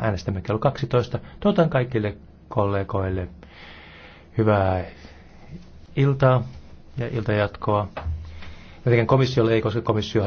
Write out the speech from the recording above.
äänestämme kello 12. Toivotan kaikille kollegoille hyvää iltaa ja iltajatkoa. Jotenkin komissiolle ei, koska komissiohan ei